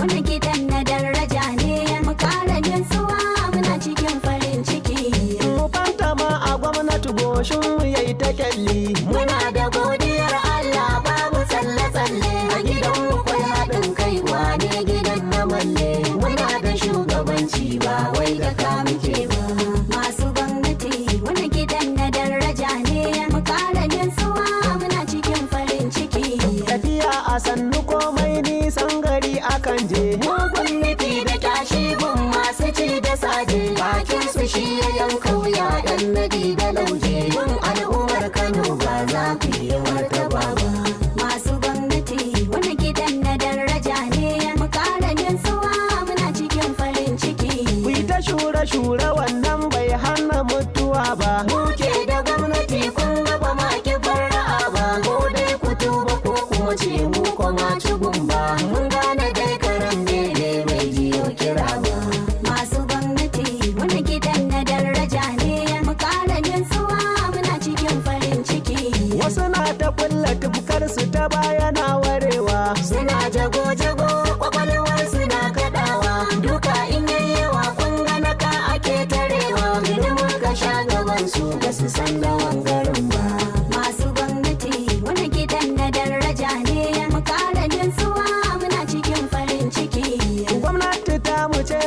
wannan gidan na daraja ne mu kara nutsuwa muna cikin farin ciki mu fata a gwamnati goshin mu yayi ta je mugun nufi da kyashi gun masu ci da saje bakin su shi ya yanka wuya dan nadi da lauje gun al'ummar kano ba za ku yi wata ba. masu gwamnati wani gidan na daraja ne mu kara suwa muna cikin farin ciki ku ta shura shura wannan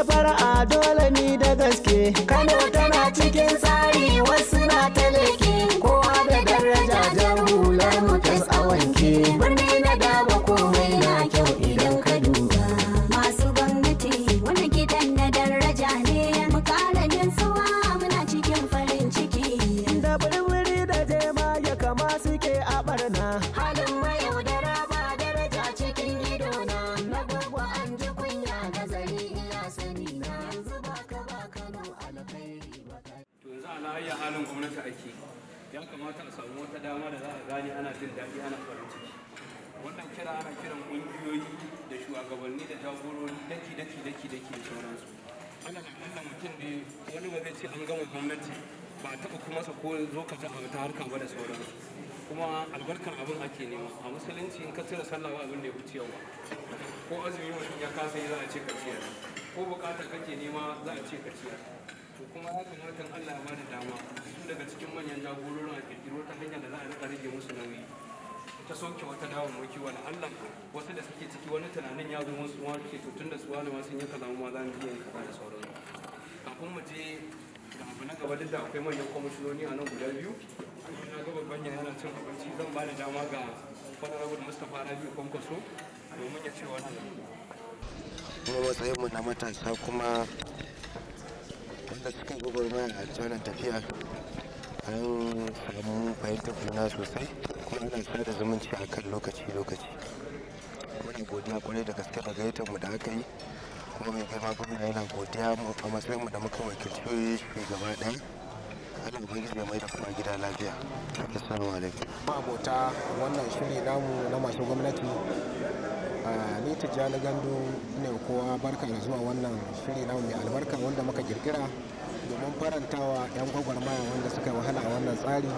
fara'a a dole ni da gaske kana halin gwamnati ake ya kamata a samu wata dama da za a gane ana jin daɗi ana farin ciki wannan kira ana kiran ƙungiyoyi da shugabanni da jagorori daki daki daki daki da sauransu ana kalla mutum da wani ba zai ce an gama gwamnati ba a taɓa kuma sa ko zo ka ta ta harka ba da sauransu kuma albarkar abin ake nema a musulunci in ka cire sallah abin da ya wuce yawa ko azumi mutum ya kasa yi za a ce ka ciyar ko bukatar kake nema za a ce ka ciyar kuma ya kamata Allah ba da dama su daga cikin manyan jagororin a kirkiro ta hanyar da za a rika rage musu nauyi ta soke wata dawamaki wani Allah wasu da suke ciki wani tunanin ya zo musu wani ce tun da su wani ma sun yi kaza ma za mu iya kaza da sauransu kafin mu je da abu na gaba duk da akwai manyan kwamishinoni a nan guda biyu na ga babban yana cin abinci zan ba da dama ga honorable mustapha rabiu kwankwaso domin ya ce wani kuma matsayin mu na matasa kuma da suka gwagwarmaya a wannan tafiya an samu fahimtar juna sosai kuma ana sa da zumunci a kan lokaci-lokaci muna godiya kwarai da gaske da gayyatar mu da aka yi kuma mai girma gwamna yana godiya a matsayin mu da muka wakilci shugaba ɗaya Allah ubangiji ya mai da kuma gida lafiya assalamu alaikum abota wannan shiri namu na masu gwamnati ni tijjani gando ne kowa barka da zuwa wannan shiri namu mai albarka wanda muka kirkira domin farantawa 'yan gwagwarmaya wanda suka wahala a wannan tsari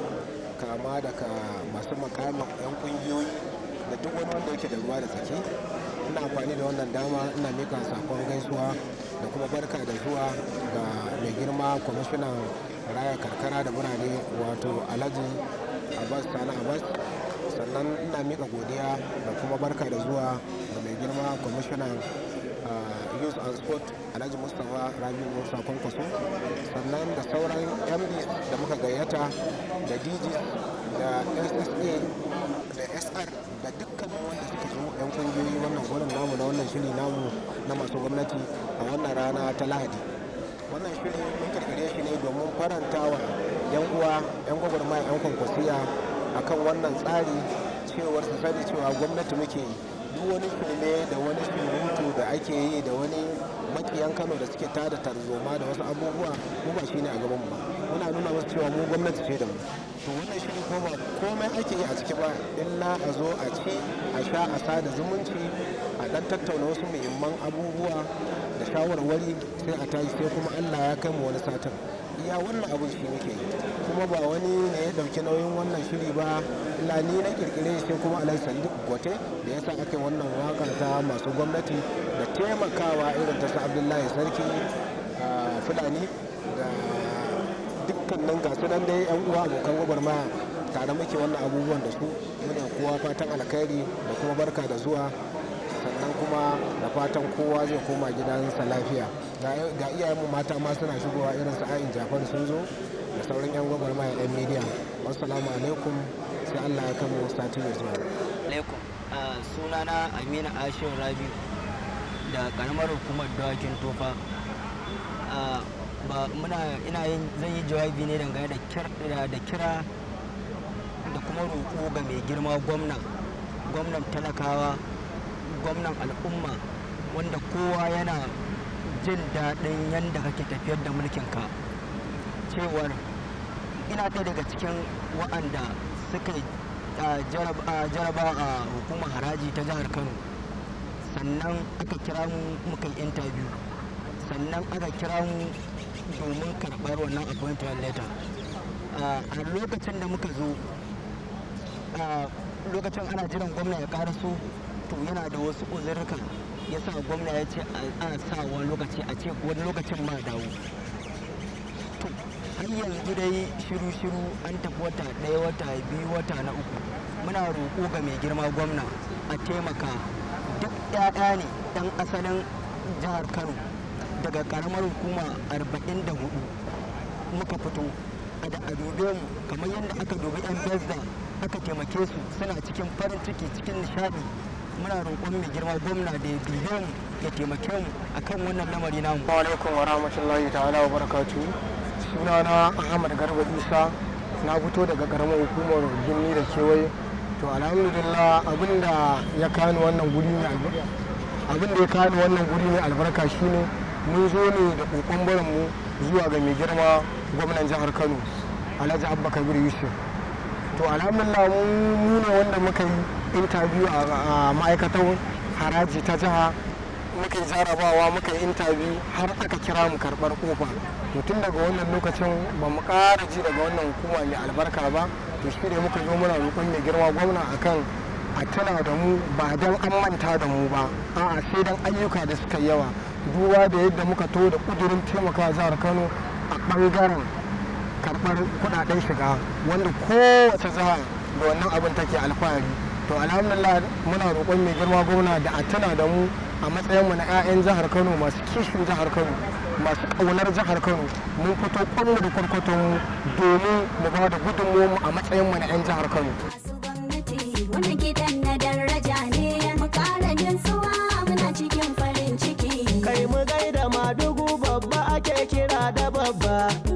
kama daga masu makamin 'yan kungiyoyi da duk wani wanda yake da ruwa da tsaki ina amfani da wannan dama ina mika sakon gaisuwa da kuma barka da zuwa ga mai girma kwamishinan raya karkara da birane wato alhaji abbas sani abbas sannan ina mika godiya da kuma barka da zuwa ga mai girma kwamishinan youth and sport alhaji mustapha rami musa kwankwaso sannan da sauran md da muka gayyata da dj da ssa da sr da dukkanin wanda suka zo yan kungiyoyi wannan gurin namu na wannan shiri namu na masu gwamnati a wannan rana ta lahadi wannan shiri mun karkare shi ne domin farantawa yan uwa yan gwagwarmaya yan kwankwasiya akan wannan tsari cewar su sani cewa gwamnati muke yi duk wani kome da wani surutu da ake yi da wani makiyan kano da suke tada tarzoma da wasu abubuwa mu ba shi ne a gaban ba muna nuna masu cewa mu gwamnati ce da mu to wannan shi ko ba komai ake yi a ciki ba illa a zo a ci a sha a sada zumunci a dan tattauna wasu muhimman abubuwa da shawarwari sai a tashi sai kuma allah ya kai mu wani satin iya wannan abin shi nake kuma ba wani ne ya dauki nauyin wannan shiri ba illa ni na kirkire shi kuma alai sadiq gote da yasa ake wannan wakar ta masu gwamnati da taimakawa irin ta abdullahi sarki fulani da dukkanin gasu nan dai yan uwa abokan gwagwarmaya tare muke wannan abubuwan da su muna kowa fatan alkhairi da kuma barka da zuwa sannan kuma da fatan kowa zai koma gidansa lafiya ga mu mata ma suna shigowa irin su ayin jafar sun zo da sauran yan ma yan midiya assalamu alaikum sai allah ya kama sati mai zuwa alaikum sunana amina ashir rabi da karamar hukumar dawakin tofa ba muna ina yin zan yi jawabi ne dangane da kira da kira da kuma roƙo ga mai girma gwamnan gwamnan talakawa gwamnan al'umma wanda kowa yana jin daɗin yadda kake tafiyar da mulkinka cewar ina ɗaya daga cikin waɗanda suka jaraba a hukumar haraji ta jihar kano sannan aka kira mu muka yi interview sannan aka kira mu domin karɓar wannan appointment letter a lokacin da muka zo lokacin ana jiran gwamna ya su. to yana da wasu uzurkan ya sa gwamna ya ce an sa wani lokaci a ce wani lokacin ma dawo to har yanzu dai shiru-shiru an tafi wata ɗaya wata biyu wata na uku muna roƙo ga mai girma gwamna a taimaka duk ɗaya ne ɗan asalin jihar kano daga ƙaramar hukuma hudu muka fito a da dube mu kamar yadda aka dubi 'yan bezda aka taimake su suna cikin farin ciki cikin nishadi muna roƙon mai girma gwamna da ya mu ya taimake mu kan wannan lamari namu. alaikum wa rahmatullahi ta'ala wa barakatu sunana ahmad garba isa na fito daga karamar hukumar gini da kewaye to alhamdulillah abin da ya kani wannan guri ne abin da ya kani wannan guri ne albarka shine mun zo ne da kokon barin mu zuwa ga mai girma gwamnan jihar kano alhaji abba kabir yusuf to alhamdulillah mu ne wanda muka yi interview a ma'aikatan haraji ta jiha muka jarabawa muka yi interview har aka kira mu karbar kofa to tun daga wannan lokacin ba mu ƙara ji daga wannan hukuma mai albarka ba to shi ne muka zo muna roƙon mai girma gwamna akan a tana da mu ba don an manta da mu ba a'a sai don ayyuka da suka yawa duba da yadda muka to da kudurin taimakawa jihar kano a bangaren karɓar kudaden shiga wanda kowace jiha da wannan abin take alfahari to alhamdulillah muna roƙon mai girma gwamna da a tana da mu a matsayinmu na 'ya'yan jihar kano masu kishin jihar kano masu ƙaunar jihar kano mun fito kwanmu da kwarkwaton domin mu ba da mu a matsayinmu na 'yan jihar kano kai mu gaida madugu babba ake kira da babba